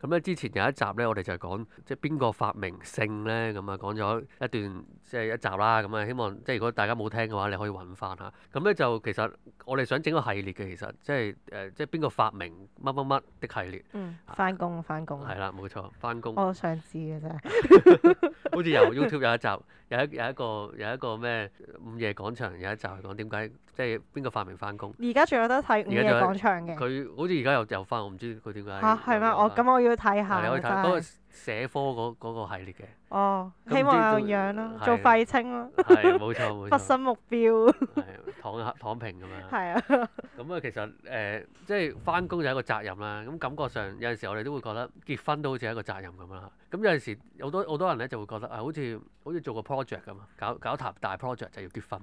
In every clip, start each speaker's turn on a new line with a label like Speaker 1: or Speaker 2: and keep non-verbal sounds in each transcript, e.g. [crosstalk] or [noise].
Speaker 1: 咁咧之前有一集咧，我哋就講即係邊個發明性咧，咁啊講咗一段即係一集啦。咁啊希望即係如果大家冇聽嘅話，你可以搵翻吓。咁咧就其實我哋想整個系列嘅，其實即係誒即係邊個發明乜乜乜的系列。
Speaker 2: 嗯，翻工翻工。係啦，冇錯，
Speaker 1: 翻工。我想知嘅啫，
Speaker 2: [laughs] [laughs] 好似由 YouTube
Speaker 1: 有一集，有一有一個有一個咩午夜廣場有一集講點解即係邊個發明翻工。而家
Speaker 2: 仲有得睇午夜廣場嘅。
Speaker 1: 佢好似而家又又翻，我唔知佢點解。係咩、啊？我
Speaker 2: 咁我要。去睇下，你睇嗰個
Speaker 1: 社科嗰個系列嘅。哦，希望養養咯，就做廢青咯、啊，冇錯冇錯，錯 [laughs] 發
Speaker 2: 生目標。係
Speaker 1: 躺下躺平咁樣。係是啊。咁啊，其實誒，即係翻工就係、是、一個責任啦。咁感覺上有陣時，我哋都會覺得結婚都好似係一個責任咁樣。咁有陣時好多好多人咧就會覺得啊，好似好似做個 project 咁啊，搞搞大 project 就要結婚。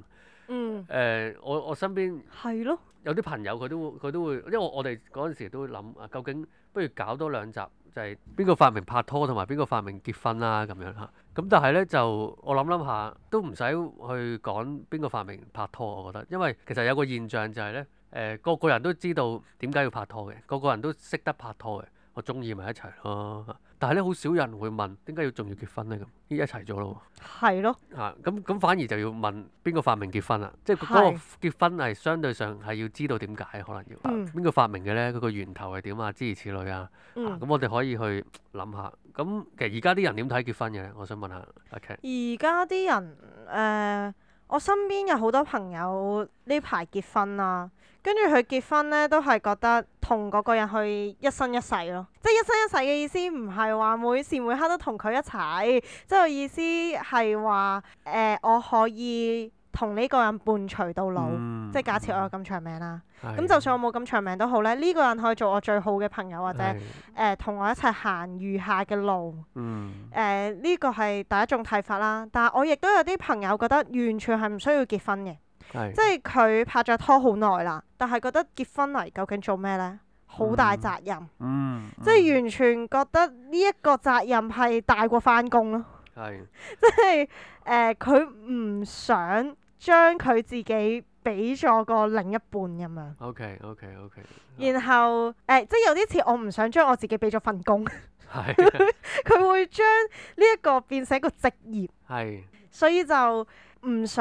Speaker 1: 嗯，呃、我我身邊係咯，有啲朋友佢都佢都會，因為我哋嗰陣時都會諗啊，究竟不如搞多兩集，就係邊個發明拍拖同埋邊個發明結婚啦，啊，咁樣嚇。咁但係咧就我諗諗下，都唔使去講邊個發明拍拖，我覺得，因為其實有個現象就係，是，咧，誒，呃、個個人都知道點解要拍拖嘅，個個人都識得拍拖嘅。我中意埋一齊咯，但係咧好少人會問點解要仲要結婚咧咁，依家一齊咗咯喎。係咯的。啊，咁咁反而就要問邊個發明結婚啊？的即係嗰個結婚係相對上係要知道點解可能要。邊個、嗯啊、發明嘅咧？佢個源頭係點啊？諸如此類啊。咁、嗯啊、我哋可以去諗下。咁、啊、其實而家啲人點睇結婚嘅咧？我想問下。而
Speaker 2: 家啲人誒、呃，我身邊有好多朋友呢排結婚啊。跟住佢結婚咧，都係覺得同嗰個人去一生一世咯。即係一生一世嘅意思，唔係話每時每刻都同佢一齊。即係意思係話，誒、呃，我可以同呢個人伴隨到老。嗯、即係假設我有咁長命啦。咁是就算我冇咁長命都好咧，呢、這個人可以做我最好嘅朋友，或者誒是、呃，同我一齊行餘下嘅路。誒、嗯，呢、呃這個係第一種睇法啦。但係我亦都有啲朋友覺得，完全係唔需要結婚嘅。 [noise] 即係佢拍咗拖好耐啦，但係覺得結婚嚟，究竟做咩呢？好大責任，mm, mm, mm. 即係完全覺得呢一個責任係大過返工咯。即係佢唔想將佢自己俾咗個另一半咁樣。
Speaker 1: O K O K O K。
Speaker 2: 然後誒、呃，即係有啲似我唔想將我自己俾咗份工。佢 [laughs] [noise] [noise] 會將呢一個變成一個職業。所以就。唔想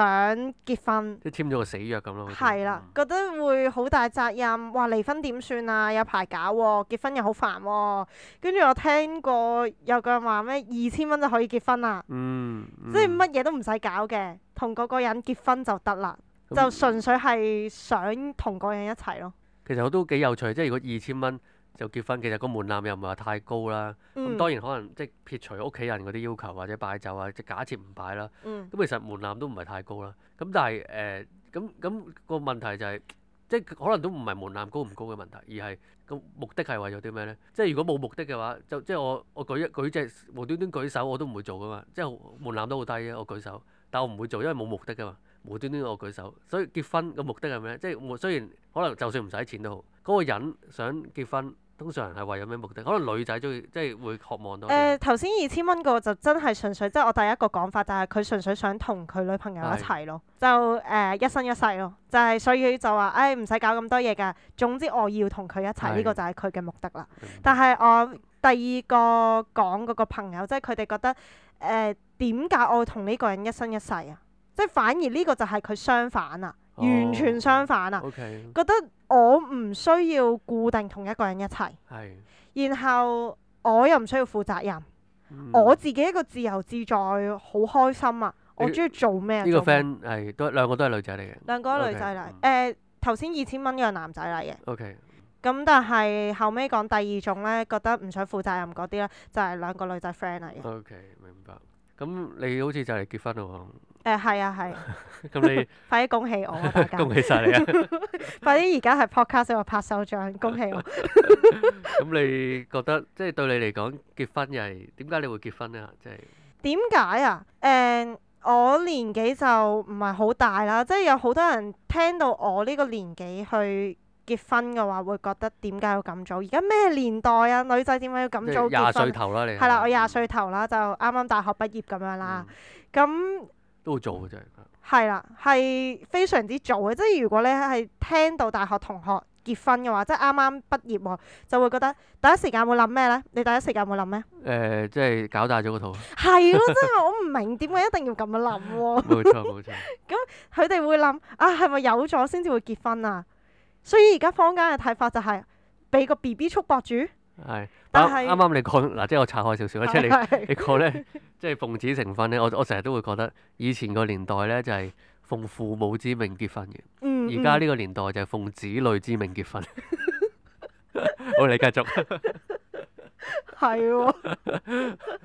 Speaker 2: 結婚，
Speaker 1: 即係簽咗個死約咁咯。係
Speaker 2: 啦的，嗯、覺得會好大責任，哇！離婚點算啊？有排搞喎、啊，結婚又好煩喎、啊。跟住我聽過有個人話咩，二千蚊就可以結婚啦。嗯嗯、即係乜嘢都唔使搞嘅，同嗰個人結婚就得啦。嗯、就純粹係想同嗰人一齊咯。
Speaker 1: 其實我都幾有趣，即係如果二千蚊，就結婚，其實個門檻又唔係話太高啦。咁、嗯、當然可能即係撇除屋企人嗰啲要求或者擺酒啊，即係假設唔擺啦。咁、嗯、其實門檻都唔係太高啦。咁但係誒，咁、呃、咁、咁個問題就係、是，即可能都唔係門檻高唔高嘅問題，而係個目的係為咗啲咩咧？即如果冇目的嘅話，就即我我舉一舉隻無端端舉手我都唔會做噶嘛。即係門檻都好低啫，我舉手，但我唔會做，因為冇目的噶嘛，無端端我舉手。所以結婚個目的係咩咧？即係雖然可能就算唔使錢都好，嗰、嗰個人想結婚。通常係為咗有咩目的？可能女仔中意即係會渴望到、呃。誒頭
Speaker 2: 先二千蚊個就真係純粹即係、就是、我第一個講法，就係佢純粹想同佢女朋友一齊咯，是的 就誒、呃、一生一世咯，就係、是、所以就話唉，唔、哎、使搞咁多嘢㗎。總之我要同佢一齊，呢是的 個就係佢嘅目的啦。是的但係我第二個講嗰個朋友，即係佢哋覺得誒點解我會同呢個人一生一世啊？即、就、係、是、反而呢個就係佢相反啊。完全相反啊！覺得我唔需要固定同一個人一齊，然後我又唔需要負責任，我自己一個自由自在，好開心啊！我鍾意做咩？呢個 friend
Speaker 1: 係都兩個都係女仔嚟嘅，兩個女仔嚟。
Speaker 2: 誒頭先二千蚊嗰個男仔嚟嘅。OK。咁但係後尾講第二種咧，覺得唔想負責任嗰啲咧，就係兩個女仔 friend 嚟嘅。
Speaker 1: OK，明白。咁你好似就嚟結婚啦。
Speaker 2: 誒係、呃、啊係，咁你快啲恭喜我，恭喜晒你啊！快 [laughs] 啲而家 [laughs] 係 podcast 喎，拍手掌！恭喜我！
Speaker 1: 咁、 [laughs] [laughs] 嗯、你覺得即係對你嚟講結婚又係點解你會結婚呢？即係
Speaker 2: 點解啊？誒、嗯，我年紀就唔係好大啦，即係有好多人聽到我呢個年紀去結婚嘅話，會覺得點解要咁早？而家咩年代啊？女仔點解要咁早結？廿歲頭啦、啊，你係啦、啊，我廿歲頭啦，就啱啱大學畢業咁樣啦，咁、嗯。嗯都會做嘅啫，係啦，係非常之做嘅。即係如果你係聽到大學同學結婚嘅話，即係啱啱畢業喎，就會覺得第一時間有冇諗咩咧？你第一時間有冇諗
Speaker 1: 咩？誒、呃，即係搞大咗個肚。係咯， [laughs] 真係
Speaker 2: 我唔明點解一定要咁樣諗喎。冇 [laughs] 錯，冇錯。咁佢哋會諗啊，係咪有咗先至會結婚啊？所以而家坊間嘅睇法就係、是、俾個 B B 束縛住。
Speaker 1: 係。啱啱你講嗱，的即係我插開少少，的即係你的你講咧，即係奉子成婚咧，我我成日都會覺得以前個年代咧就係奉父母之命結婚嘅，而家呢個年代就係奉子女之命結婚。
Speaker 2: [laughs] [laughs] 好，你繼續。係 [laughs]
Speaker 1: 喎的，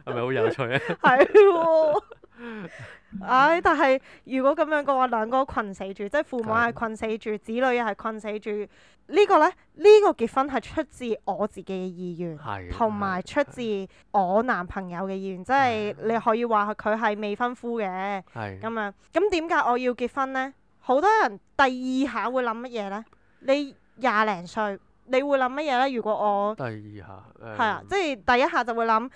Speaker 1: 係咪好有趣啊？係
Speaker 2: 喎。唉、 [laughs] 哎，但係如果咁樣嘅話，兩個都困死住，即係父母係困死住，的子女又係困死住。這個、呢個咧，呢、這個結婚係出自我自己嘅意願，同埋的出自我男朋友嘅意願，的即係你可以話佢係未婚夫嘅，係咁的樣。咁點解我要結婚呢？好多人第二下會諗乜嘢呢？你廿零歲，你會諗乜嘢呢？如果我
Speaker 1: 第二下，係、呃、啊，
Speaker 2: 即係第一下就會諗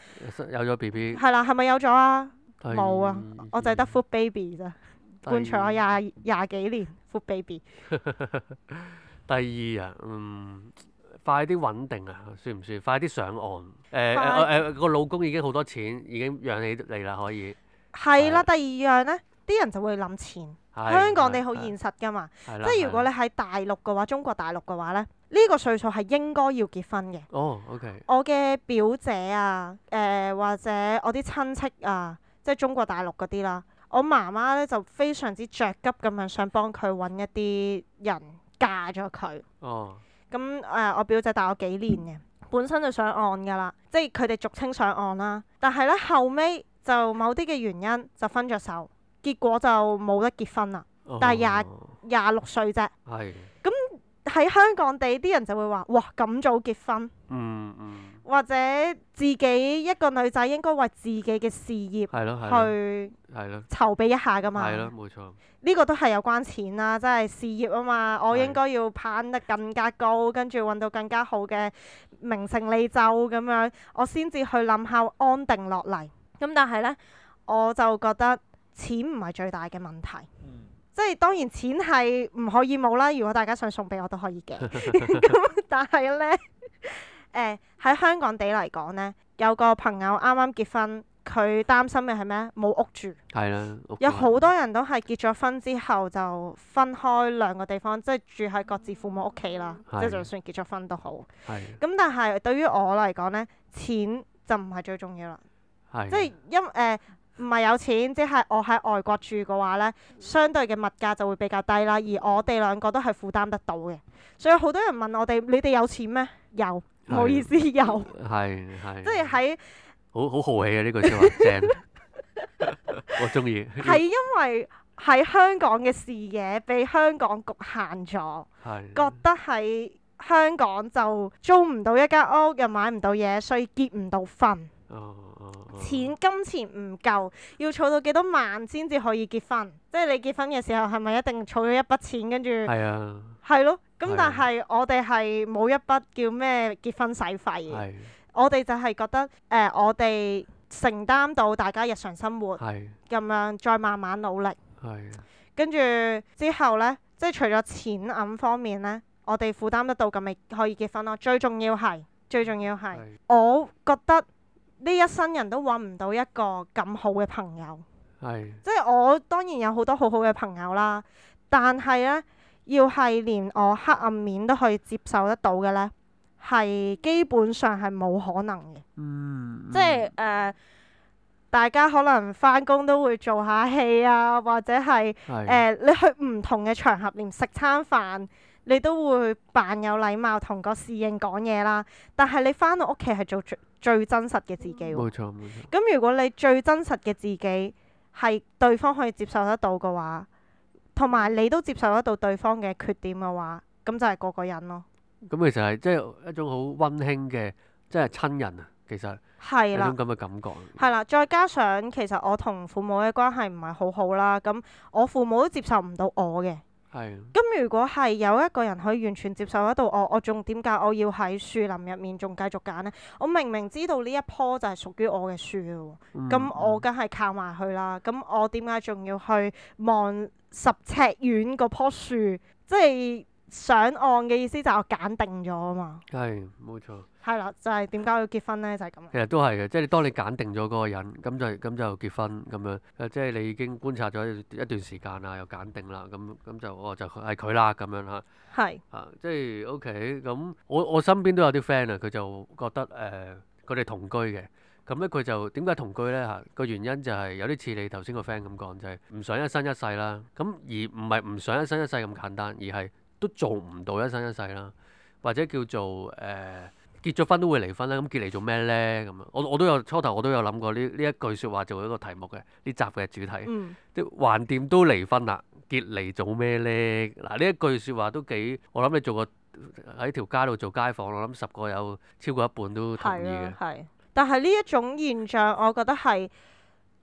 Speaker 1: 有咗 B B，係
Speaker 2: 啦，係咪有咗啊？冇啊，我就係得 FoodBaby 咋，
Speaker 1: 貫徹我廿
Speaker 2: 廿幾年 FoodBaby。
Speaker 1: 第二啊，嗯，快啲穩定啊，算唔算？快啲上岸。誒誒誒，個老公已經好多錢，已經養起你啦，可以。
Speaker 2: 係啦，第二樣咧，啲人就會諗錢。香港你好現實噶嘛，即係如果你喺大陸嘅話，中國大陸嘅話咧，呢個歲數係應該要結婚嘅。
Speaker 1: 哦，OK。我
Speaker 2: 嘅表姐啊，誒或者我啲親戚啊。即係中國大陸嗰啲啦，我媽媽咧就非常之着急咁樣，想幫佢揾一啲人嫁咗佢。哦，咁誒、呃，我表姐大我幾年嘅，本身就上岸㗎喇，即係佢哋俗稱上岸啦。但係咧後尾就某啲嘅原因就分咗手，結果就冇得結婚啦。哦、但係廿廿六歲啫，咁喺是香港地啲人就會話：哇，咁早結婚？嗯嗯。或者自己一個女仔應該為自己嘅事業，去係咯籌備一下㗎嘛。呢個都係有關錢啦，即係事業啊嘛。我應該要攀得更加高，的跟住揾到更加好嘅名成利就咁樣，我先至去諗下安定落嚟。咁、嗯、但係呢，我就覺得錢唔係最大嘅問題。嗯、即係當然錢係唔可以冇啦。如果大家想送俾我都可以嘅，咁 [laughs] [laughs] 但係是呢。 [laughs] 誒喺、欸、香港地嚟講呢，有個朋友啱啱結婚，佢擔心嘅係咩？冇屋住。 [music] 有好多人都係結咗婚之後就分開兩個地方，即係住喺各自父母屋企啦。即係是的 就，就算結咗婚都好，咁是的、嗯、但係對於我嚟講呢，錢就唔係最重要啦，是的 即係因誒唔係有錢，即係我喺外國住嘅話呢，相對嘅物價就會比較低啦。而我哋兩個都係負擔得到嘅，所以好多人問我哋：你哋有錢咩？有。唔好意思，的又
Speaker 1: 係係，即係喺好好豪氣啊！呢句說話正，我中意。係因
Speaker 2: 為喺香港嘅視野被香港局限咗，是的 覺得喺香港就租唔到一間屋，又買唔到嘢，所以結唔到婚。哦錢金錢唔夠，要儲到幾多萬先至可以結婚？即係你結婚嘅時候，係咪一定儲咗一筆錢？跟住係啊，係咯。咁但係是、啊、我哋係冇一筆叫咩結婚使費。係是、啊呃，我哋就係覺得誒，我哋承擔到大家日常生活，咁是、啊、樣再慢慢努力，跟住是、啊、之後呢，即係除咗錢銀方面呢，我哋負擔得到咁咪可以結婚咯。最重要係，最重要係，是啊、我覺得。呢一生人都揾唔到一個咁好嘅朋友，的即係我當然有好多好好嘅朋友啦，但係呢，要係連我黑暗面都可以接受得到嘅呢，係基本上係冇可能嘅。嗯嗯、即係、呃、大家可能翻工都會做下戲啊，或者係的、呃、你去唔同嘅場合，連食餐飯你都會扮有禮貌同個侍應講嘢啦。但係你翻到屋企係做最真實嘅自己喎，冇錯冇錯。咁如果你最真實嘅自己係對方可以接受得到嘅話，同埋你都接受得到對方嘅缺點嘅話，咁就係個個人咯。
Speaker 1: 咁、嗯、其實係即係一種好溫馨嘅，即係親人啊，其實。係啦。有咁嘅感覺。
Speaker 2: 係啦，啦，再加上其實我同父母嘅關係唔係好好啦，咁我父母都接受唔到我嘅。係，咁如果係有一個人可以完全接受得到我，我我仲點解我要喺樹林入面仲繼續揀呢？我明明知道呢一棵就係屬於我嘅樹嘅喎，咁，嗯，我梗係靠埋去啦。咁我點解仲要去望十尺遠嗰棵樹？即係。上岸嘅意思就係我揀定咗啊嘛，
Speaker 1: 係冇錯，
Speaker 2: 係啦，就係點解要結婚咧？就係咁。
Speaker 1: 其實都係嘅，即係當你揀定咗嗰個人，咁就咁就結婚咁樣，即係你已經觀察咗一段時間啦，又揀定啦，咁咁就哦就係佢啦咁樣嚇，係啊，即係 OK。咁我我身邊都有啲 friend 啊，佢就覺得誒佢哋同居嘅咁咧，佢就點解同居咧吓？個原因就係有啲似你頭先個 friend 咁講，就係唔想一生一世啦。咁而唔係唔想一生一世咁簡單，而係。都做唔到一生一世啦，或者叫做誒、呃，結咗婚都會離婚啦，咁、啊、結離做咩咧？咁啊，我我都有初頭我都有諗過呢呢一句說話做一個題目嘅呢集嘅主題，嗯、即橫掂都離婚啦，結離做咩咧？嗱、啊、呢一句說話都幾，我諗你做個喺條街度做街訪，我諗十個有超過一半都同意嘅。係，
Speaker 2: 但係呢一種現象，我覺得係。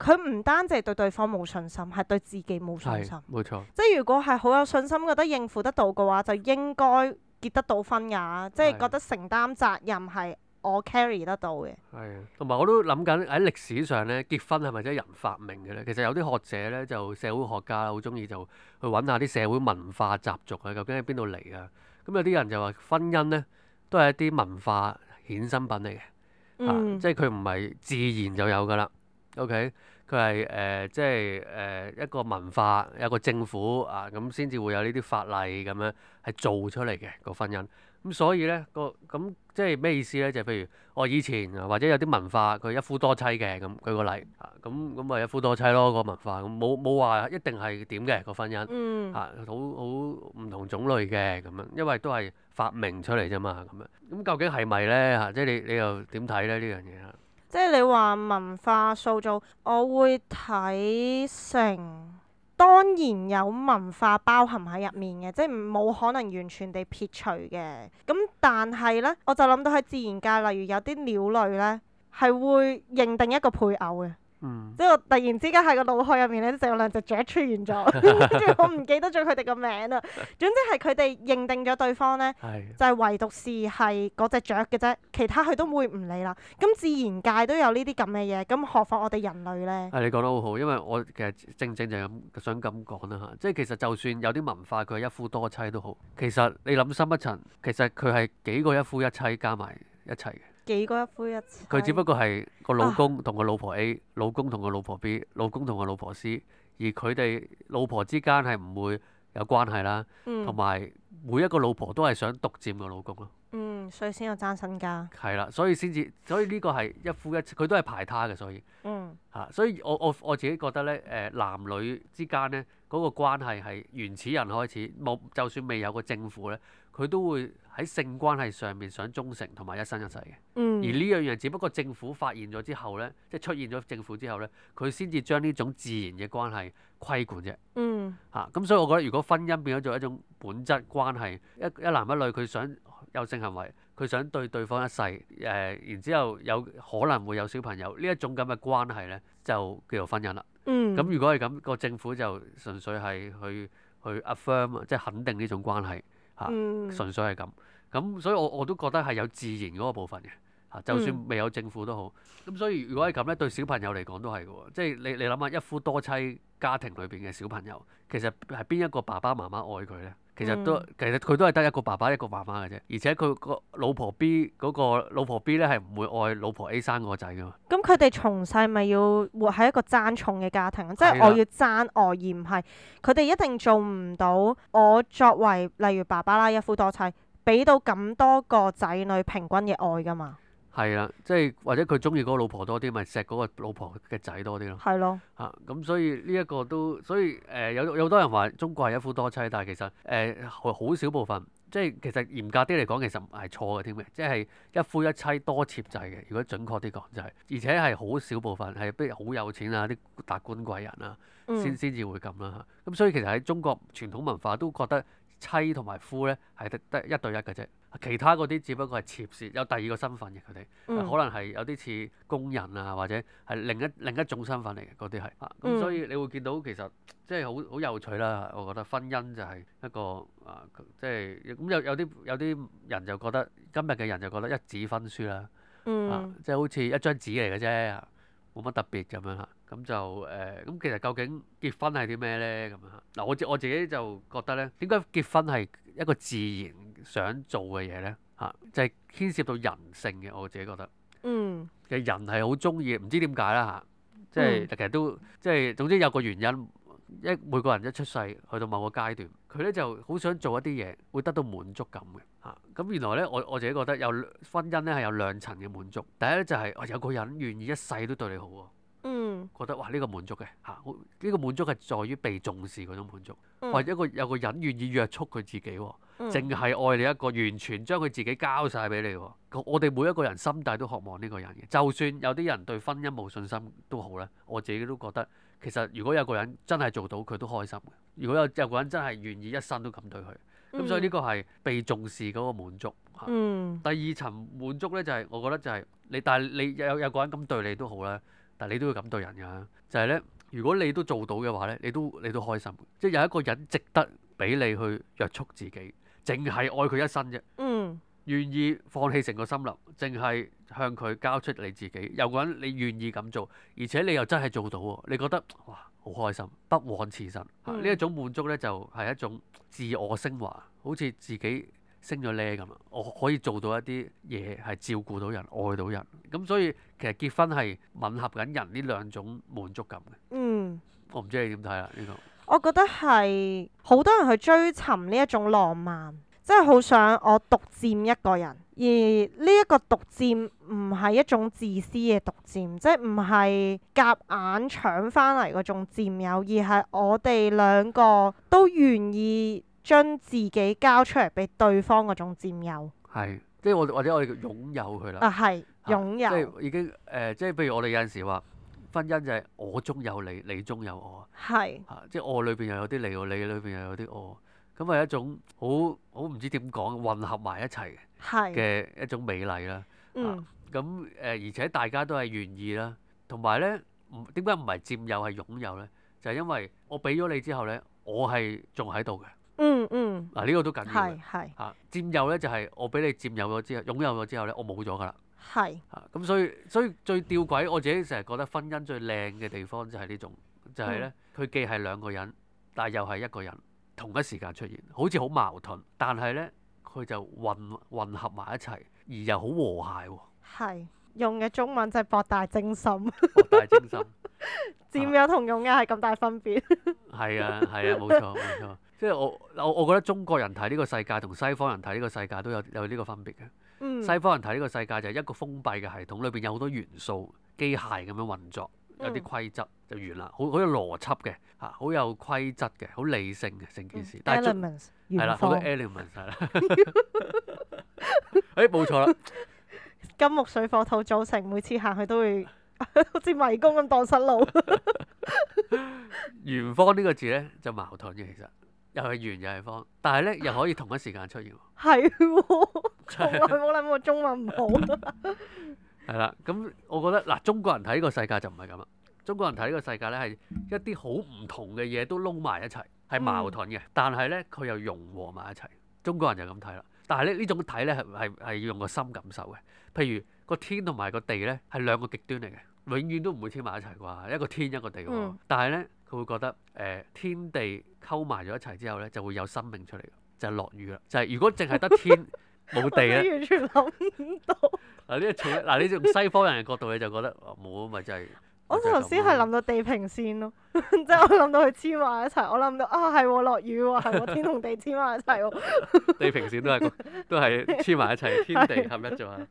Speaker 2: 佢唔單止對對方冇信心，係對自己冇信心。冇錯。錯，即係如果係好有信心，覺得應付得到嘅話，就應該結得到婚㗎。是即係覺得承擔責任係我 carry 得到嘅。係，
Speaker 1: 同埋我都諗緊喺歷史上咧，結婚係咪真係人發明嘅咧？其實有啲學者咧，就社會學家好中意就去揾下啲社會文化習俗啊，究竟喺邊度嚟啊？咁有啲人就話婚姻咧都係一啲文化衍生品嚟嘅、嗯啊，即係佢唔係自然就有㗎啦。OK。佢係誒，即係誒、呃、一個文化，一個政府啊，咁先至會有呢啲法例咁樣係做出嚟嘅、個婚姻。咁、嗯、所以咧個咁即係咩意思咧？就譬如我、哦、以前或者有啲文化，佢一夫多妻嘅咁，舉個例啊，咁咁咪一夫多妻咯、個文化，冇冇話一定係點嘅個婚姻嚇，好好唔同種類嘅咁樣，因為都係發明出嚟啫嘛咁樣。咁、啊、究竟係咪咧嚇？即係你你又點睇咧呢樣嘢啊？
Speaker 2: 即係你話文化塑造，我會睇成當然有文化包含喺入面嘅，即係冇可能完全地撇除嘅。咁但係呢，我就諗到喺自然界，例如有啲鳥類呢，係會認定一個配偶嘅。嗯，即係突然之間喺個腦海入面咧，就有兩隻雀出現咗，跟住 [laughs] 我唔記得咗佢哋個名啦。 [laughs] 總之係佢哋認定咗對方咧， [laughs] 就係唯獨是係嗰隻雀嘅啫，其他佢都唔會唔理啦。咁自然界都有呢啲咁嘅嘢，咁何況我哋人類咧？
Speaker 1: 係你講得好好，因為我其實正正就係咁想咁講啦吓，即係其實就算有啲文化佢係一夫多妻都好，其實你諗深一層，其實佢係幾個一夫一妻加埋一齊。
Speaker 2: 幾個一夫一妻？佢只不過係個老公
Speaker 1: 同個老婆 A，啊、老公同個老婆 B，老公同個老婆 C，而佢哋老婆之間係唔會有關係啦。同埋、嗯、每一個老婆都係想獨佔個老公咯。嗯，
Speaker 2: 所以先有爭身家。
Speaker 1: 係啦，所以先至，所以呢個係一夫一妻，佢都係排他嘅，所以
Speaker 2: 嗯
Speaker 1: 嚇、啊。所以我我我自己覺得咧，誒、呃、男女之間咧嗰、嗰個關係係原始人開始冇，就算未有個政府咧。佢都會喺性關係上面想忠誠同埋一生一世嘅，而呢樣嘢只不過政府發現咗之後咧，即出現咗政府之後咧，佢先至將呢種自然嘅關係規管啫。嗯，咁所以，我覺得如果婚姻變咗做一種本質關係，一一男一女佢想有性行為，佢想對對方一世，啊，誒然之後有可能會有小朋友，呢一種咁嘅關係咧，就叫做婚姻啦。嗯，咁如果係咁，個政府就純粹係去去 affirm，即肯定呢種關係。嚇、啊，純粹係咁，咁、啊、所以我我都覺得係有自然嗰個部分嘅嚇、啊，就算未有政府都好，咁、嗯啊、所以如果係咁咧，對小朋友嚟講都係嘅喎，即係你你諗下一夫多妻家庭裏邊嘅小朋友，其實係邊一個爸爸媽媽愛佢咧？其實都，其實佢都係得一個爸爸一個媽媽嘅啫，而且佢個老婆 B 個老婆 B 咧係唔會愛老婆 A 生個仔噶嘛。
Speaker 2: 咁佢哋從細咪要活喺一個爭寵嘅家庭，即係我要爭愛而唔係，佢哋是的 一定做唔到。我作為例如爸爸啦，一夫多妻，俾到咁多個仔女平均嘅愛噶嘛。
Speaker 1: 係啦，即係或者佢中意嗰個老婆多啲，咪錫嗰個老婆嘅仔多啲咯。係咯的。咁、啊嗯、所以呢一個都，所以誒、呃、有有好多人話中國係一夫多妻，但係其實誒好少部分，即係其實嚴格啲嚟講，其實係錯嘅添嘅，即係一夫一妻多妾制嘅。如果準確啲講就係，而且係好少部分係譬如好有錢啊啲達官貴人啊，先先至會咁啦嚇。咁所以其實喺中國傳統文化都覺得妻同埋夫咧係得得，得一對一嘅啫。其他嗰啲只不過係妾侍，有第二個身份嘅佢哋，可能係有啲似工人啊，或者係另一另一種身份嚟嘅嗰啲係。咁所以你會見到其實即係好好有趣啦。我覺得婚姻就係一個啊，即係咁有有啲有啲人就覺得今日嘅人就覺得一紙婚書啦，嗯、啊，即係好似一張紙嚟嘅啫，冇乜特別咁樣嚇。咁就誒，咁、嗯嗯、其實究竟結婚係啲咩咧？咁啊，嗱，我自我自己就覺得咧，點解結婚係一個自然想做嘅嘢咧？嚇、啊，就係、是、牽涉到人性嘅。我自己覺得，嗯、其實人係好中意唔知點解啦嚇，即、啊、係、就是嗯、其實都即係、就是、總之有個原因，因為每個人一出世去到某個階段，佢咧就好想做一啲嘢，會得到滿足感嘅嚇。咁、啊嗯、原來咧，我我自己覺得有婚姻咧係有兩層嘅滿足，第一咧就係、是哦、有個人願意一世都對你好覺得哇！呢、這個滿足嘅嚇，呢、啊這個滿足係在於被重視嗰種滿足，嗯、或者一個有個人願意約束佢自己，淨、啊、係、嗯、愛你一個，完全將佢自己交晒俾你。啊、我我哋每一個人心底都渴望呢個人嘅，就算有啲人對婚姻冇信心都好咧。我自己都覺得其實如果有個人真係做到，佢都開心嘅。如果有有個人真係願意一生都咁對佢，咁、嗯、所以呢個係被重視嗰個滿足
Speaker 2: 嚇。啊嗯、
Speaker 1: 第二層滿足咧就係、是、我覺得就係、是、你，但係你有有個人咁對你都好啦。但你都要咁對人噶，就係咧。如果你都做到嘅話咧，你都你都開心，即係有一個人值得俾你去約束自己，淨係愛佢一生啫。嗯，願意放棄成個森林，淨係向佢交出你自己。有個人你願意咁做，而且你又真係做到，你覺得哇好開心，不枉此生。嗯，呢一種滿足咧，就係一種自我升華，好似自己。升咗呢咁啊！我可以做到一啲嘢，係照顧到人、愛到人。咁所以其實結婚係吻合緊人呢兩種滿足感嘅。
Speaker 2: 嗯，
Speaker 1: 我唔知你點睇啦呢個。
Speaker 2: 我覺得係好多人去追尋呢一種浪漫，即係好想我獨佔一個人。而呢一個獨佔唔係一種自私嘅獨佔，即係唔係夾硬搶翻嚟嗰種佔有，而係我哋兩個都願意。將自己交出嚟俾對方嗰種佔有
Speaker 1: 係，即係我或者我哋擁有佢啦。啊，係擁有，即係已經誒、呃，即係譬如我哋有陣時話婚姻就係我中有你，你中有我係是、啊、即係我裏邊又有啲你，我你裏邊又有啲我，咁係一種好好唔知點講，混合埋一齊嘅一種美麗啦是、啊。嗯，咁誒、啊呃，而且大家都係願意啦，同埋咧唔點解唔係佔有係擁有咧？就係、是、因為我俾咗你之後咧，我係仲喺度嘅。嗯嗯，嗱、啊啊、呢個都緊要，係係吓佔有咧就係我俾你佔有咗之後，擁有咗之後咧、啊，我冇咗噶啦，係咁，所以所以最吊詭，嗯、我自己成日覺得婚姻最靚嘅地方就係呢種，就係咧佢既係兩個人，但係又係一個人同一時間出現，好似好矛盾，但係咧佢就混混合埋一齊，而又好和諧、啊。
Speaker 2: 係用嘅中文就係博大精深， [laughs] 大
Speaker 1: [laughs] 博大精深，
Speaker 2: 佔、啊、有同擁有係咁大分別。
Speaker 1: 係啊係啊，冇錯冇錯。average  [laughs] 即係我，我我覺得中國人睇呢個世界同西方人睇呢個世界都有有呢個分別嘅。嗯、西方人睇呢個世界就係一個封閉嘅系統，裏邊有好多元素、機械咁樣運作，有啲規則就完啦，好好、嗯、有邏輯嘅，嚇、啊、好有規則嘅，好理性嘅成件事。Element 係啦，好多 element 曬啦。誒冇錯啦，
Speaker 2: [laughs] 金木水火土組成，每次行去都會 [laughs] 好似迷宮咁蕩失路。
Speaker 1: 元 [laughs] [laughs] 方呢個字咧就矛盾嘅，其實。又係圓又係方，但係咧又可以同一時間出現
Speaker 2: 喎。係喎 [laughs] 的，從來冇諗過中文唔好啦。
Speaker 1: 係啦，咁我覺得嗱，中國人睇呢個世界就唔係咁啦。中國人睇呢個世界咧，係一啲好唔同嘅嘢都撈埋一齊，係矛盾嘅，但係咧佢又融和埋一齊。中國人就咁睇啦。但係咧呢種睇咧係係要用個心感受嘅。譬如個天同埋個地咧係兩個極端嚟嘅，永遠都唔會黐埋一齊啩，一個天一個地，但係咧佢會覺得誒、呃、天地。溝埋咗一齊之後咧，就會有生命出嚟，就係、是、落雨啦。就係、是、如果淨係得天冇 [laughs] 地咧，完全諗唔到。嗱呢個嗱呢個西方人嘅角度，你就覺得冇啊，咪、哦、就係、是。就
Speaker 2: 我頭先係諗到地平線咯，之後我諗到佢黐埋一齊，我諗到啊係喎落雨喎、啊，天同地黐埋一齊喎。
Speaker 1: [laughs] [laughs] 地平線都係都係黐埋一齊，天地合一啫嘛。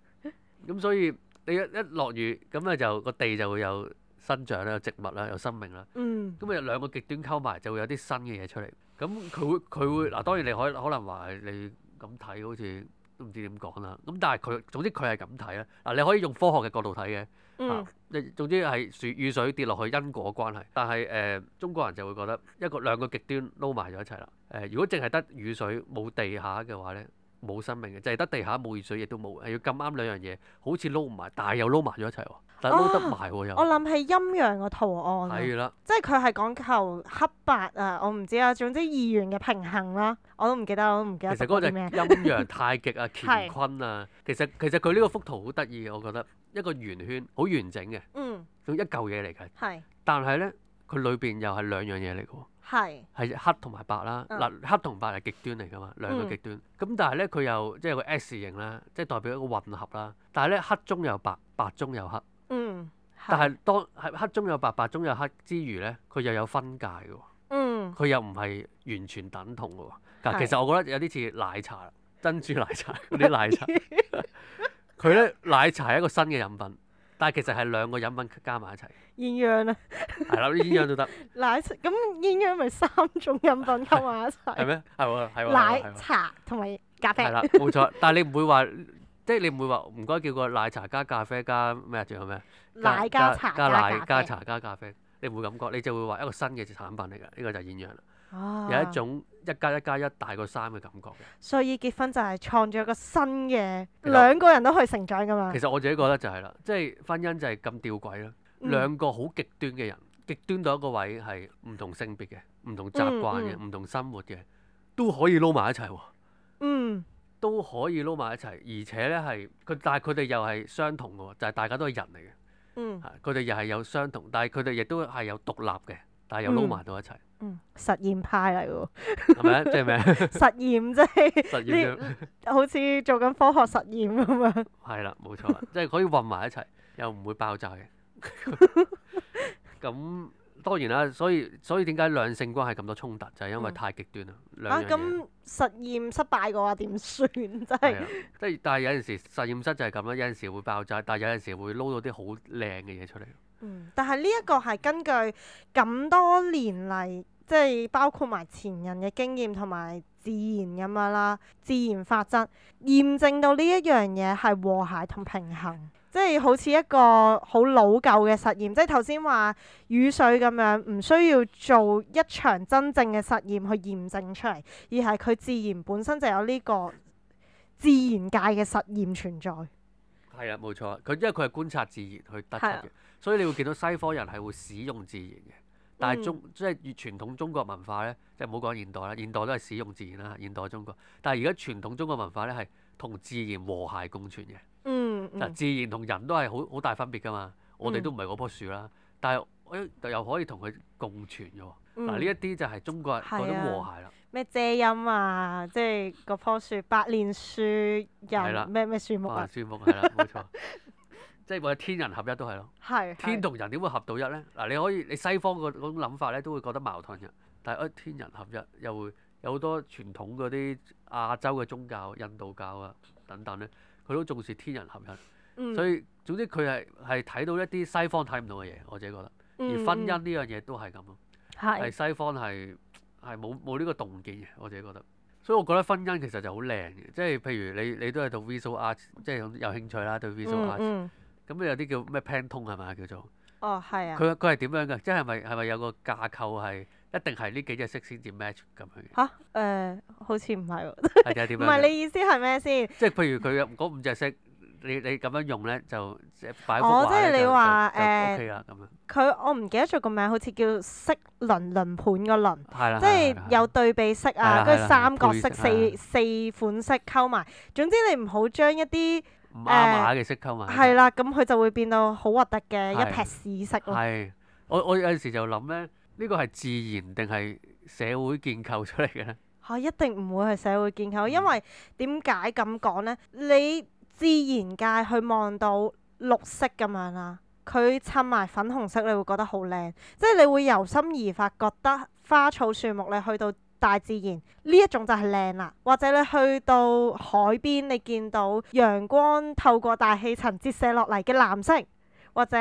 Speaker 1: 咁 [laughs] 是的 [laughs] 所以你一一落雨咁咧，就個地就會有。生長啦，植物啦，有生命啦。咁啊、嗯，兩個極端溝埋，就會有啲新嘅嘢出嚟。咁佢會佢會嗱，當然你可可能話你咁睇，好似都唔知點講啦。咁但係佢，總之佢係咁睇啦。嗱、啊，你可以用科學嘅角度睇嘅。啊、嗯。即總之係樹雨水跌落去因果關係，但係誒、呃、中國人就會覺得一個兩個極端撈埋咗一齊啦。誒、呃，如果淨係得雨水冇地下嘅話咧，冇生命嘅，淨係得地下冇雨水亦都冇。係要咁啱兩樣嘢，好似撈唔埋，但係又撈埋咗一齊喎。但、啊哦、我諗
Speaker 2: 起陰陽個圖案啦、啊，完即係佢係講求黑白啊！我唔知啊，總之二元嘅平衡啦、啊，我都唔記得，我都唔記得。其實嗰個就陰
Speaker 1: 陽、太極啊、 [laughs] 乾坤啊。其實其實佢呢個幅圖好得意，我覺得一個圓圈好完整嘅，嗯，用一嚿嘢嚟嘅。是但係咧，佢裏邊又係兩樣嘢嚟
Speaker 2: 嘅，係是
Speaker 1: 黑同埋白啦、啊。嗱、嗯，黑同白係極端嚟嘅嘛，兩個極端。咁、嗯、但係咧，佢又即係個 S 型啦，即係代表一個混合啦。但係咧，黑中有白，白中有黑。但係當係黑中有白，白，白中有黑之餘咧，佢又有分界嘅喎。嗯。佢又唔係完全等同嘅喎。嗱是，其實我覺得有啲似奶茶，珍珠奶茶嗰啲奶茶。佢咧 [laughs] [laughs] 奶茶係一個新嘅飲品，但係其實係兩個飲品加埋一齊。
Speaker 2: 鴛鴦啦。
Speaker 1: 係 [laughs] 啦，啲鴛鴦都得。
Speaker 2: 奶茶咁鴛鴦咪三種飲品加埋一齊。係咩
Speaker 1: [laughs] 係喎，係喎。奶茶
Speaker 2: 同埋咖啡。係啦，冇
Speaker 1: 錯。但係你唔會話，即係你唔會話，唔該叫個奶茶加咖啡加咩？仲有咩？加加加加奶加茶加奶加茶加咖啡，你會感覺？你就會話一個新嘅產品嚟噶？呢、這個就係鴛鴦啦，啊、有一種一加一加一，加一大過三嘅感覺。
Speaker 2: 所以結婚就係創造一個新嘅，兩實個人都可以成長噶嘛。其
Speaker 1: 實我自己覺得就係啦，即、就、係、是、婚姻就係咁吊詭咯。兩個好極端嘅人，極、嗯、端到一個位係唔同性別嘅、唔同習慣嘅、唔、嗯嗯、同生活嘅，都可以撈埋一齊。嗯，都可以撈埋一齊，而且咧係佢，但係佢哋又係相同嘅，就係、是、大家都係人嚟嘅。嗯，佢哋又係有相同，但係佢哋亦都係有獨立嘅，但係又撈埋到一齊，嗯。嗯，
Speaker 2: 實驗派嚟喎，係 [laughs] 咪， [laughs] 即係？即係咩？實驗即係啲好似做緊科學實驗咁樣。
Speaker 1: 係 [laughs] 啦，冇錯，即、就、係、是、可以混埋一齊， [laughs] 又唔會爆炸嘅。咁。 [laughs] [laughs] 當然啦，所以所以點解兩性關係咁多衝突，就係因為太極端啦。嗯、啊，咁
Speaker 2: 實驗失敗嘅話點算？真係
Speaker 1: 即係，但係有陣時實驗室就係咁啦，有陣時會爆炸，但係有陣時會撈到啲好靚嘅嘢出嚟。嗯，
Speaker 2: 但係呢一個係根據咁多年嚟，即係包括埋前人嘅經驗同埋自然咁樣啦，自然法則驗證到呢一樣嘢係和諧同平衡。即係好似一個好老舊嘅實驗，即係頭先話雨水咁樣，唔需要做一場真正嘅實驗去驗證出嚟，而係佢自然本身就有呢個自然界嘅實驗存在。
Speaker 1: 係啊，冇錯，佢因為佢係觀察自然去得出嘅，啊、所以你會見到西方人係會使用自然嘅，但係中、嗯、即係傳統中國文化呢，即係唔好講現代啦，現代都係使用自然啦，現代中國。但係而家傳統中國文化呢，係同自然和諧共存嘅。
Speaker 2: 嗯嗱，嗯
Speaker 1: 自然同人都係好好大分別噶嘛，我哋都唔係嗰棵樹啦，嗯、但係誒又可以同佢共存嘅喎。嗱、嗯，呢一啲就係中國嗰種和諧
Speaker 2: 啦。咩、啊、遮陰啊，即係嗰棵樹，百年樹人，咩咩、啊、樹木啊？啊樹木係啦，冇、啊、錯，
Speaker 1: [laughs] 即係或者天人合一都係咯。係天同人點會合到一咧？嗱，你可以你西方嗰種諗法咧，都會覺得矛盾嘅。但係誒天人合一又會有好多傳統嗰啲亞洲嘅宗教、印度教啊等等咧。佢都重視天人合一，嗯、所以總之佢係係睇到一啲西方睇唔到嘅嘢，我自己覺得。而婚姻呢樣嘢都係咁咯，係、嗯嗯、西方係係冇冇呢個洞見嘅，我自己覺得。所以我覺得婚姻其實就好靚嘅，即係譬如你你都係對 visual arts 即係有興趣啦，對 visual arts 嗯。嗯。咁你有啲叫咩？p Pantone 係咪叫做？哦，係啊。佢佢係點樣㗎？即係咪係咪有個架構係？一定係呢幾隻色先至 match 咁樣。
Speaker 2: 吓？誒，好似唔係喎。唔係你意思係咩先？
Speaker 1: 即係譬如佢嗰五隻色，你你咁樣用咧，就即擺。哦，即係你話誒。O K 啦，咁
Speaker 2: 樣。佢我唔記得咗個名，好似叫色輪輪盤個輪。係啦。即係有對比色啊，跟住三角色、四四款色溝埋。總之你唔好將一啲
Speaker 1: 唔啱嘅色溝埋。係
Speaker 2: 啦，咁佢就會變到好核突嘅一撇屎色咯。係，
Speaker 1: 我我有陣時就諗咧。呢個係自然定係社會建構出嚟嘅咧？
Speaker 2: 嚇、啊，一定唔會係社會建構，嗯、因為點解咁講呢？你自然界去望到綠色咁樣啦，佢襯埋粉紅色，你會覺得好靚，即係你會由心而發覺得花草樹木你去到大自然呢一種就係靚啦。或者你去到海邊，你見到陽光透過大氣層折射落嚟嘅藍色，或者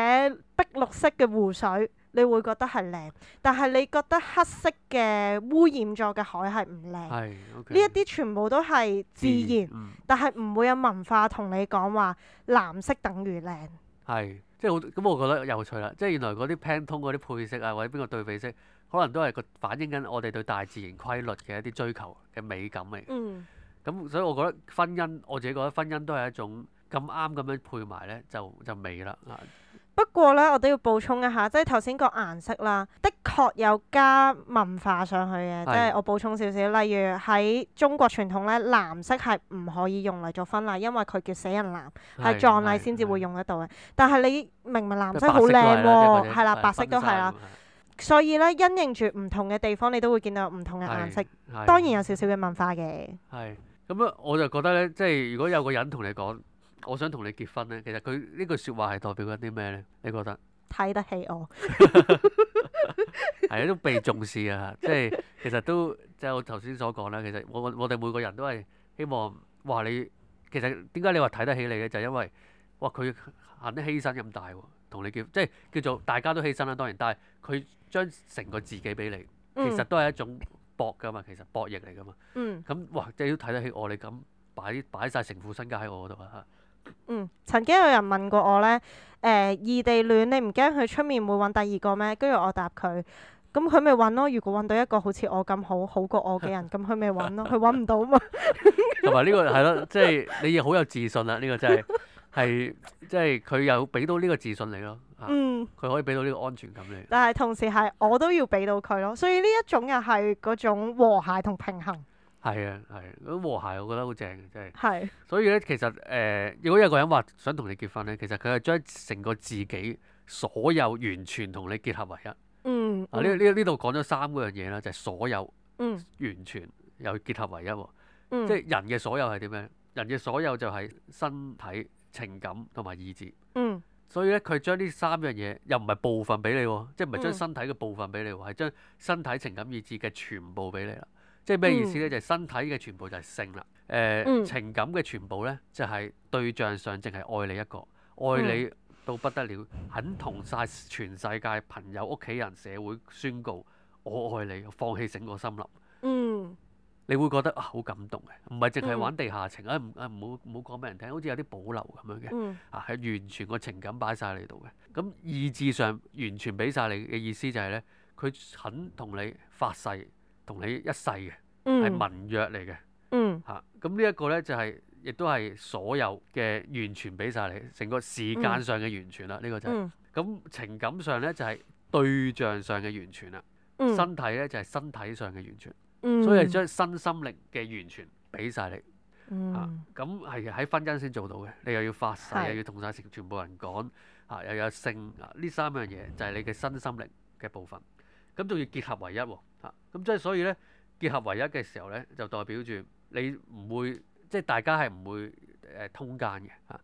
Speaker 2: 碧綠色嘅湖水。你會覺得係靚，但係你覺得黑色嘅污染咗嘅海係唔靚。係，ok，呢一啲全部都係自然，自然，嗯、但係唔會有文化同你講話藍色等於靚。
Speaker 1: 係，即係好咁，我覺得有趣啦。即係原來嗰啲 Pantone 嗰啲配色啊，或者邊個對比色，可能都係個反映緊我哋對大自然規律嘅一啲追求嘅美感嚟。嗯。咁所以我覺得婚姻，我自己覺得婚姻都係一種咁啱咁樣配埋咧，就就美啦。啊。
Speaker 2: 不過咧，我都要補充一下，即係頭先個顏色啦，的確有加文化上去嘅，是即係我補充少少，例如喺中國傳統咧，藍色係唔可以用嚟做婚禮，因為佢叫死人藍，係葬禮先至會用得到嘅。是但係你明明藍色好靚喎，係啦，啦，白色都係啦，所以咧，因應住唔同嘅地方，你都會見到唔同嘅顏色，當然有少少嘅文化嘅。
Speaker 1: 係，咁啊，我就覺得咧，即係如果有個人同你講。我想同你結婚咧，其實佢呢句說話係代表緊啲咩咧？你覺得
Speaker 2: 睇得起我 [laughs]
Speaker 1: [laughs] 係一種被重視啊！即係其實都即係我頭先所講啦。其實我我哋每個人都係希望話你，其實點解你話睇得起你咧？就係、因為哇，佢肯犧牲咁大同你結，即係叫做大家都犧牲啦。當然，但係佢將成個自己俾你，其實都係一種博噶嘛，其實博弈嚟噶嘛。咁、嗯、哇，即係都睇得起我，你咁擺擺晒成副身家喺我度啦
Speaker 2: 嗯，曾經有人問過我呢，誒、呃、異地戀你唔驚佢出面會揾第二個咩？跟住我答佢，咁佢咪揾咯。如果揾到一個好似我咁好好過我嘅人，咁佢咪揾咯。佢揾唔到嘛。
Speaker 1: 同埋呢個係咯，即、就、係、是、你要好有自信啦、啊。呢、這個真係係即係佢又俾到呢個自信你咯。嗯，佢可以俾到呢個安全感你。
Speaker 2: 但係同時係我都要俾到佢咯。所以呢一種又係嗰種和諧同平衡。
Speaker 1: 係啊，係啊，咁和諧，我覺得好正嘅，真係。係。所以咧、呃，其實誒，如果有個人話想同你結婚咧，其實佢係將成個自己所有完全同你結合為一。嗯嗯、啊！呢呢度講咗三樣嘢啦，就係、是、所有。嗯、完全又結合為一喎。嗯、即係人嘅所有係點樣？人嘅所有就係身體、情感同埋意志。嗯、所以咧，佢將呢三樣嘢又唔係部分俾你喎，即係唔係將身體嘅部分俾你喎，係將、嗯、身體、情感、意志嘅全部俾你啦。即係咩意思呢？就係、是、身體嘅全部就係性啦。誒、呃，嗯、情感嘅全部呢，就係、是、對象上淨係愛你一個，愛你到不得了，肯同晒全世界朋友、屋企人、社會宣告我愛你，放棄整個森林。嗯、你會覺得好、啊、感動嘅，唔係淨係玩地下情、嗯、啊！唔好唔好講俾人聽，好似有啲保留咁樣嘅。啊，係完全個情感擺晒嚟度嘅。咁意志上完全俾晒你嘅意思就係、是、呢，佢肯同你發誓。同你一世嘅，係、嗯、文約嚟嘅，嚇咁呢一個呢，就係、是，亦都係所有嘅完全俾晒你，成個時間上嘅完全啦，呢、這個就係、是、咁、嗯、情感上呢，就係、是、對象上嘅完全啦，嗯、身體呢，就係、是、身體上嘅完全，嗯、所以係將身心靈嘅完全俾晒你，嚇咁係喺婚姻先做到嘅，你又要發誓，又的要同晒全部人講，嚇、啊、又有性啊呢三樣嘢就係你嘅身心靈嘅部分，咁仲要結合為一喎。嗯嗯。咁即係所以咧，結合唯一嘅時候咧，就代表住你唔會即係大家係唔會誒通奸嘅
Speaker 2: 嚇。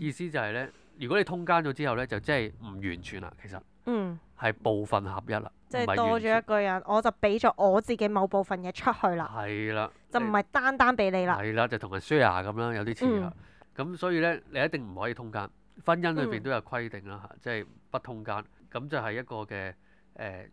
Speaker 2: 意
Speaker 1: 思就係咧，如果你通奸咗之後咧，就即係唔完全啦。其實，嗯，係部分合一啦，即係多咗一
Speaker 2: 個人，我就俾咗我自己某部分嘢出去啦。係
Speaker 1: 啦，就唔
Speaker 2: 係單單俾你啦。
Speaker 1: 係啦，就同阿 share 咁樣，有啲似啦。咁所以咧，你一定唔可以通奸。婚姻裏邊都有規定啦，嚇，即係不通奸，咁就係一個嘅誒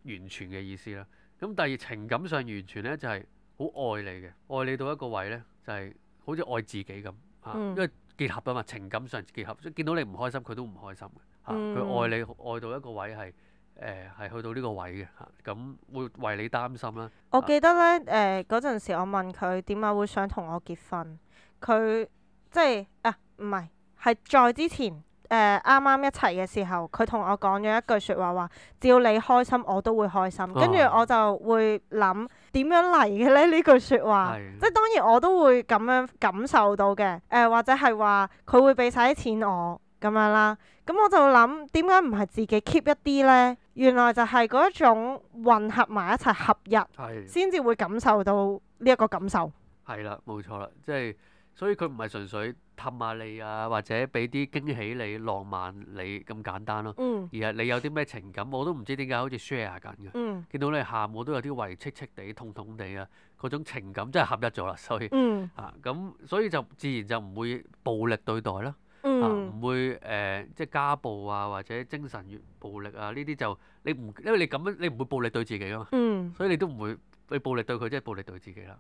Speaker 1: 完全嘅意思啦。咁，第二，情感上完全咧就係、是、好愛你嘅，愛你到一個位咧就係、是、好似愛自己咁，嚇，啊嗯、因為結合啊嘛，情感上結合，即係見到你唔開心佢都唔開心嘅嚇，佢、啊嗯、愛你愛到一個位係誒係去到呢個位嘅嚇，咁、啊、會為你擔心啦。啊、我記得
Speaker 2: 咧誒嗰陣時我問佢點解會想同我結婚，佢即係啊唔係係在之前。誒啱啱一齊嘅時候，佢同我講咗一句説話，話只要你開心，我都會開心。跟住、哦、我就會諗點樣嚟嘅呢？呢句説話，的即係當然我都會咁樣感受到嘅。誒、呃、或者係話佢會俾晒啲錢我咁樣啦。咁我就諗點解唔係自己 keep 一啲呢？原來就係嗰一種混合埋一齊合一先至會感受到呢一個感受。
Speaker 1: 係啦，冇錯啦，即係。所以佢唔係純粹氹下你啊，或者俾啲驚喜你、浪漫你咁簡單咯、啊，嗯、而係你有啲咩情感，我都唔知點解好似 share 緊嘅。嗯、見到你喊，我都有啲胃戚戚地、痛痛地啊，嗰種情感真係合一咗啦。所以、嗯、啊，咁所以就自然就唔會暴力對待啦，唔、嗯啊、會誒即係家暴啊，或者精神暴力啊呢啲就你唔因為你咁樣，你唔會暴力對自己啊嘛，嗯、所以你都唔會你暴力對佢，即、就、係、是、暴力對自己啦。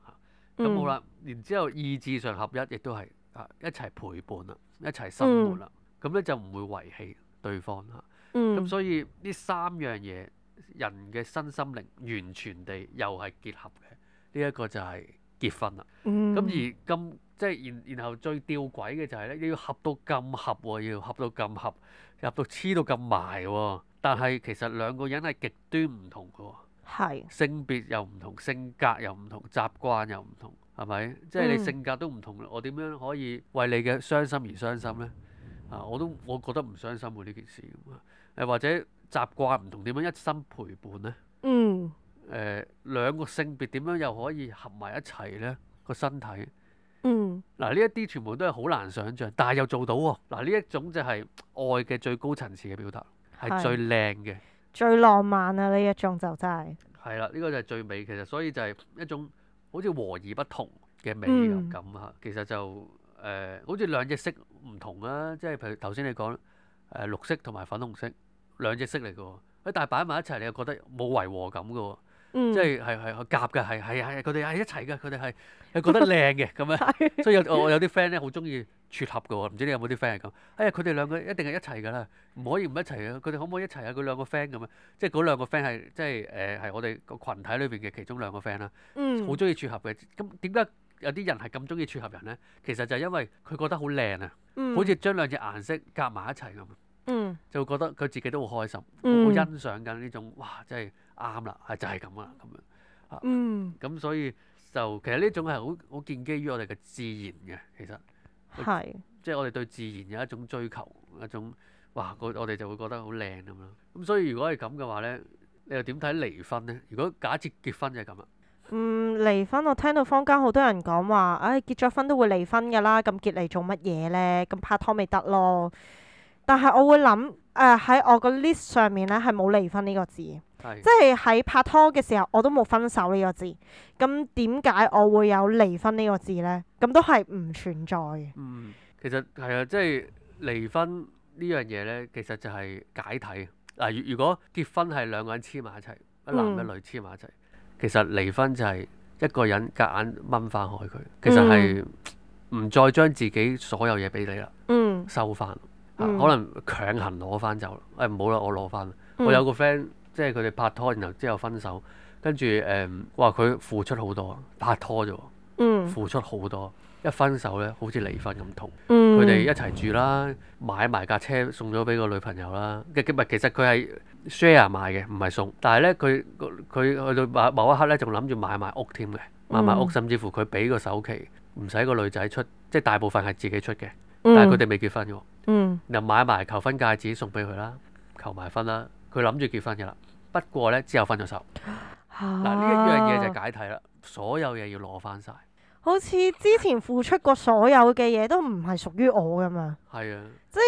Speaker 1: 咁好啦，嗯、然之後意志上合一，亦都係啊一齊陪伴啦，一齊生活啦，咁咧、嗯、就唔會遺棄對方啦。咁、嗯、所以呢三樣嘢，人嘅身心靈完全地又係結合嘅。呢、這、一個就係結婚啦。咁而咁即係然然後最吊詭嘅就係、是、咧，要合到咁合喎，要合到咁合，合到黐到咁埋喎。但係其實兩個人係極端唔同嘅喎。係是性別又唔同，性格又唔同，習慣又唔同，係咪？即係你性格都唔同，嗯、我點樣可以為你嘅傷心而傷心呢？啊，我都我覺得唔傷心喎呢件事。誒或者習慣唔同，點樣一生陪伴呢？嗯。誒兩、呃、個性別點樣又可以合埋一齊呢？個身體。嗱呢一啲全部都係好難想像，但係又做到喎、哦。嗱呢一種就係愛嘅最高層次嘅表達，係最靚嘅。
Speaker 2: 最浪漫啊！呢一種就真
Speaker 1: 係係啦，呢、這個就係最美。其實所以就係一種好似和而不同嘅美感嚇。嗯、其實就誒、呃，好似兩隻色唔同啦、啊，即係譬如頭先你講誒、呃、綠色同埋粉紅色兩隻色嚟嘅喎，但係擺埋一齊你又覺得冇違和感嘅喎。嗯、即係係係夾嘅，係係係佢哋係一齊嘅，佢哋係係覺得靚嘅咁樣。所以有我有啲 friend 咧好中意撮合嘅喎，唔知你有冇啲 friend 係咁？哎呀，佢哋兩個一定係一齊㗎啦，唔可以唔一齊嘅。佢哋可唔可以一齊啊？佢兩個 friend 咁樣，即係嗰兩個 friend 係即係誒係我哋個群體裏邊嘅其中兩個 friend 啦。好中意撮合嘅。咁點解有啲人係咁中意撮合人咧？其實就係因為佢覺得、嗯、好靚啊，好似將兩隻顏色夾埋一齊咁，就覺得佢自己都好開心，好欣賞緊呢種哇！真係～啱啦，係就係咁啦，咁樣，嗯，咁、啊、所以就其實呢種係好好建基於我哋嘅自然嘅，其實係，是即係我哋對自然有一種追求，一種哇，我哋就會覺得好靚咁樣。咁所以如果係咁嘅話呢，你又點睇離婚呢？如果假設結婚就係咁啦。嗯，
Speaker 2: 離婚我聽到坊間好多人講話，唉、哎、結咗婚都會離婚噶啦，咁結嚟做乜嘢呢？咁拍拖咪得咯。但係我會諗，誒、呃、喺我個 list 上面咧係冇離婚呢個，是個字，即係喺拍拖嘅時候我都冇分手呢個字。咁點解我會有離婚呢個字呢？咁都係唔存在
Speaker 1: 嘅。嗯，其實係啊，即係離婚呢樣嘢呢，其實就係解體。嗱、呃，如果結婚係兩個人黐埋一齊，一男一女黐埋一齊，嗯、其實離婚就係一個人夾硬掹翻開佢，其實係唔再將自己所有嘢俾你啦，嗯，收翻。啊、可能強行攞翻走，唔好啦，我攞翻啦。嗯、我有個 friend，即係佢哋拍拖，然後之後分手，跟住誒，話、嗯、佢付出好多拍拖啫，嗯、付出好多。一分手咧，好似離婚咁痛。佢哋、嗯、一齊住啦，買埋架車送咗俾個女朋友啦。嘅唔係，其實佢係 share 買嘅，唔係送。但係咧，佢佢去到某某一刻咧，仲諗住買埋屋添嘅，買埋屋，嗯、甚至乎佢俾個首期，唔使個女仔出，即係大部分係自己出嘅。但係佢哋未結婚㗎喎。嗯，嗱，買埋求婚戒指送俾佢啦，求埋婚啦，佢諗住結婚噶啦。不過咧，之後分咗手，嗱呢一樣嘢就解體啦，所有嘢要攞翻晒。
Speaker 2: 好似之前付出過所有嘅嘢都唔係屬於我咁嘛，
Speaker 1: 係啊，即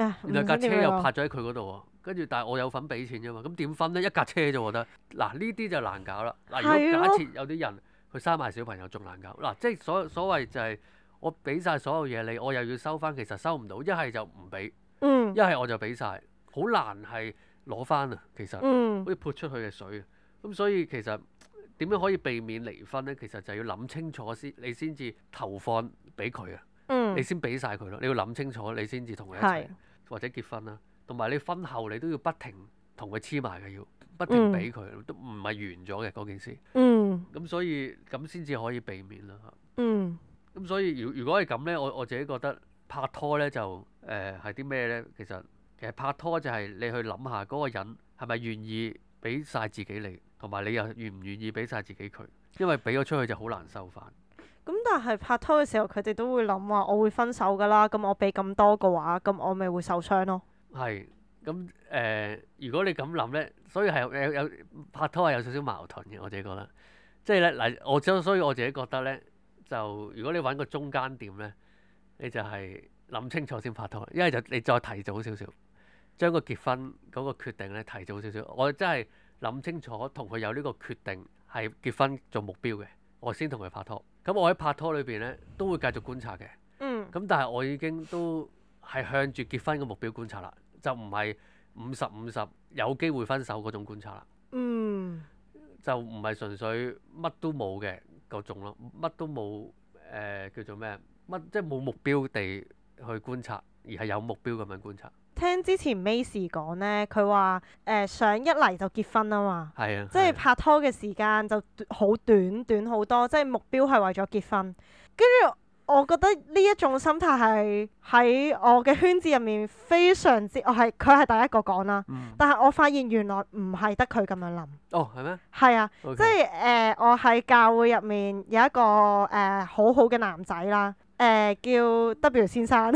Speaker 2: 係誒，兩架車又拍
Speaker 1: 咗喺佢嗰度喎，跟住但係我有份俾錢啫嘛，咁點分呢？一架車就我得，嗱呢啲就難搞啦。嗱、啊、如果假設有啲人佢生埋小朋友，仲難搞。嗱即係所所謂就係、是。我俾晒所有嘢你，我又要收翻，其實收唔到，一係就唔俾，一係我就俾晒。好難係攞翻啊。其實、嗯、好似潑出去嘅水啊。咁所以其實點樣可以避免離婚呢？其實就係要諗清楚先，你先至投放俾佢啊。嗯、你先俾晒佢咯。你要諗清楚你，你先至同佢一齊或者結婚啦、啊。同埋你婚後你都要不停同佢黐埋嘅，要不停俾佢，嗯、都唔係完咗嘅嗰件事。咁、嗯嗯嗯、所以咁先至可以避免啦、啊。嗯咁、嗯、所以，如如果係咁咧，我我自己覺得拍拖咧就誒係啲咩咧？其實其實拍拖就係你去諗下嗰個人係咪願意俾晒自己你，同埋你又願唔願意俾晒自己佢？因為俾咗出去就好難受翻。
Speaker 2: 咁、嗯、但係拍拖嘅時候，佢哋都會諗話：我會分手㗎啦！咁我俾咁多嘅話，咁我咪會受傷咯。
Speaker 1: 係咁誒？如果你咁諗咧，所以係有有拍拖係有少少矛盾嘅。我自己覺得，即係咧嗱，我、呃、將所以我自己覺得咧。呃就如果你揾個中間點呢，你就係諗清楚先拍拖。因為就你再提早少少，將個結婚嗰個決定呢提早少少。我真係諗清楚同佢有呢個決定係結婚做目標嘅，我先同佢拍拖。咁我喺拍拖裏邊呢都會繼續觀察嘅。嗯。咁但係我已經都係向住結婚嘅目標觀察啦，就唔係五十五十有機會分手嗰種觀察啦。嗯。就唔係純粹乜都冇嘅。夠重咯，乜都冇誒、呃，叫做咩？乜即係冇目標地去觀察，而係有目標咁樣觀察。
Speaker 2: 聽之前 Miss 講咧，佢話誒想一嚟就結婚啊嘛，係啊，即係拍拖嘅時間就好短短好多，即係目標係為咗結婚，跟住。我覺得呢一種心態係喺我嘅圈子入面非常之，我係佢係第一個講啦。但係我發現原來唔係得佢咁樣諗。哦，係咩？係啊，即係誒，我喺教會入面有一個誒好好嘅男仔啦，誒叫 W 先生，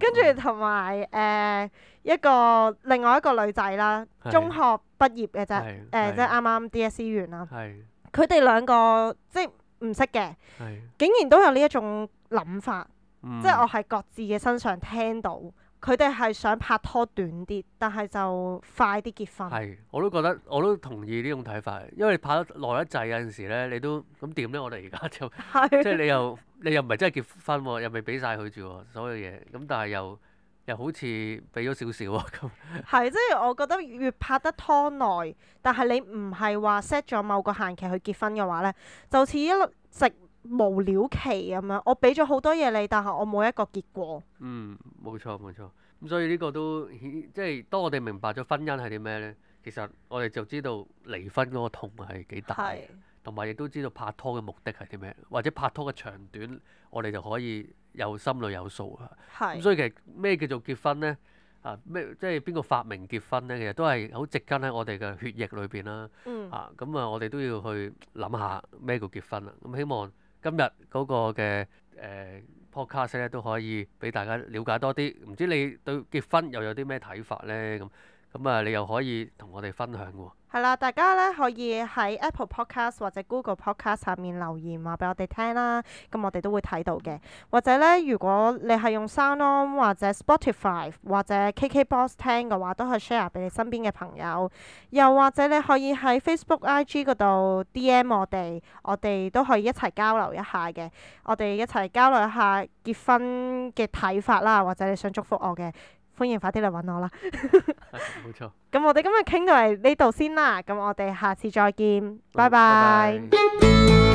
Speaker 2: 跟住同埋誒一個另外一個女仔啦，中學畢業嘅啫，誒即係啱啱 DSE 完啦。係，佢哋兩個即係。唔識嘅，是竟然都有呢一種諗法，嗯、即係我喺各自嘅身上聽到，佢哋係想拍拖短啲，但係就快啲結婚。係，
Speaker 1: 我都覺得我都同意呢種睇法，因為拍得耐得滯，有陣時咧你都咁點咧？我哋而家就即係是 [laughs] 你又你又唔係真係結婚喎，又未俾晒佢住喎，所有嘢咁，但係又。又好似俾咗少少啊。咁
Speaker 2: 係即係我覺得越拍得拖耐，但係你唔係話 set 咗某個限期去結婚嘅話咧，就似一直無了期咁樣。我俾咗好多嘢你，但係我冇一個結果。
Speaker 1: 嗯，冇錯冇錯。咁所以呢個都即係當我哋明白咗婚姻係啲咩咧，其實我哋就知道離婚嗰個痛係幾大。同埋亦都知道拍拖嘅目的係啲咩，或者拍拖嘅長短，我哋就可以有心裏有數啊。咁是所以其實咩叫做結婚咧？啊咩即係邊個發明結婚咧？其實都係好植根喺我哋嘅血液裏邊啦。啊咁、嗯、啊，我哋都要去諗下咩叫結婚啦。咁希望今日嗰個嘅誒、呃、podcast 咧都可以俾大家了解多啲。唔知你對結婚又有啲咩睇法咧？咁。咁啊、嗯，你又可以同我哋分享喎、哦。
Speaker 2: 係啦，大家咧可以喺 Apple Podcast 或者 Google Podcast 下面留言話俾我哋聽啦。咁我哋都會睇到嘅。或者咧，如果你係用 SoundOn 或者 Spotify 或者 KKBox 聽嘅話，都可以 share 俾你身邊嘅朋友。又或者你可以喺 Facebook、IG 度 DM 我哋，我哋都可以一齊交流一下嘅。我哋一齊交流一下結婚嘅睇法啦，或者你想祝福我嘅。歡迎快啲嚟搵我啦、 [laughs] 哎，
Speaker 1: 冇錯。
Speaker 2: 咁 [laughs] 我哋今日傾到嚟呢度先啦，咁我哋下次再見，嗯、拜拜。拜拜 [music]